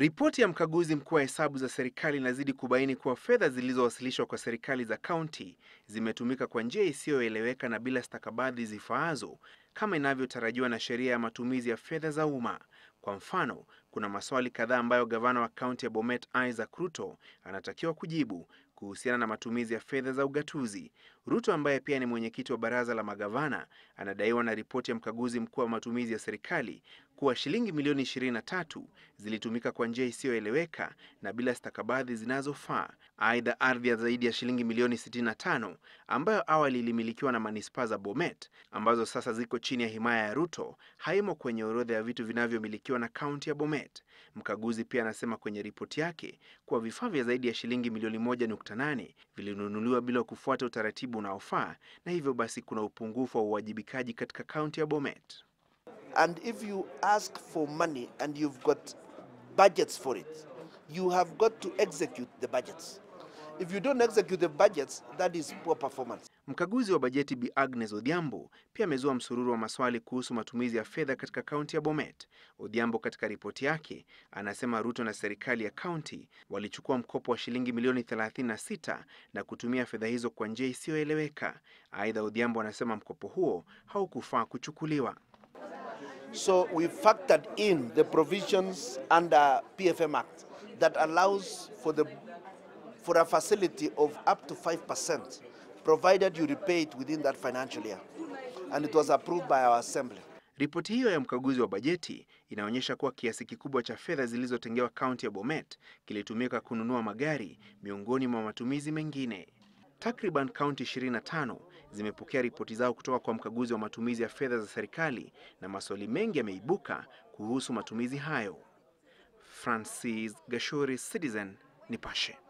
Ripoti ya mkaguzi mkuu wa hesabu za serikali inazidi kubaini kuwa fedha zilizowasilishwa kwa serikali za kaunti zimetumika kwa njia isiyoeleweka na bila stakabadhi zifaazo kama inavyotarajiwa na sheria ya matumizi ya fedha za umma. Kwa mfano, kuna maswali kadhaa ambayo gavana wa kaunti ya Bomet Isaac Ruto anatakiwa kujibu kuhusiana na matumizi ya fedha za ugatuzi. Ruto ambaye pia ni mwenyekiti wa baraza la magavana anadaiwa na ripoti ya mkaguzi mkuu wa matumizi ya serikali kuwa shilingi milioni 23 zilitumika kwa njia isiyoeleweka na bila stakabadhi zinazofaa. Aidha, ardhi ya zaidi ya shilingi milioni 65 ambayo awali ilimilikiwa na manispaa za Bomet ambazo sasa ziko chini ya himaya ya Ruto haimo kwenye orodha ya vitu vinavyomilikiwa na kaunti ya Bomet. Mkaguzi pia anasema kwenye ripoti yake kuwa vifaa vya zaidi ya shilingi milioni moja 8 vilinunuliwa bila kufuata utaratibu unaofaa na hivyo basi kuna upungufu wa uwajibikaji katika kaunti ya Bomet. And if you ask for money and you've got budgets for it, you have got to execute the budgets. If you don't execute the budgets, that is poor performance. Mkaguzi wa bajeti Bi Agnes Odhiambo pia amezua msururu wa maswali kuhusu matumizi ya fedha katika kaunti ya Bomet. Odhiambo katika ripoti yake anasema Ruto na serikali ya kaunti walichukua mkopo wa shilingi milioni 36 na kutumia fedha hizo kwa njia isiyoeleweka. Aidha, Odhiambo anasema mkopo huo haukufaa kuchukuliwa. So we factored in the provisions under PFM Act that allows for the for a facility of up to 5%, provided you repay it within that financial year. And it was approved by our assembly. Ripoti hiyo ya mkaguzi wa bajeti inaonyesha kuwa kiasi kikubwa cha fedha zilizotengewa kaunti ya Bomet kilitumika kununua magari miongoni mwa matumizi mengine. Takriban kaunti 25 zimepokea ripoti zao kutoka kwa mkaguzi wa matumizi ya fedha za serikali na maswali mengi yameibuka kuhusu matumizi hayo. Francis Gashuri, Citizen Nipashe.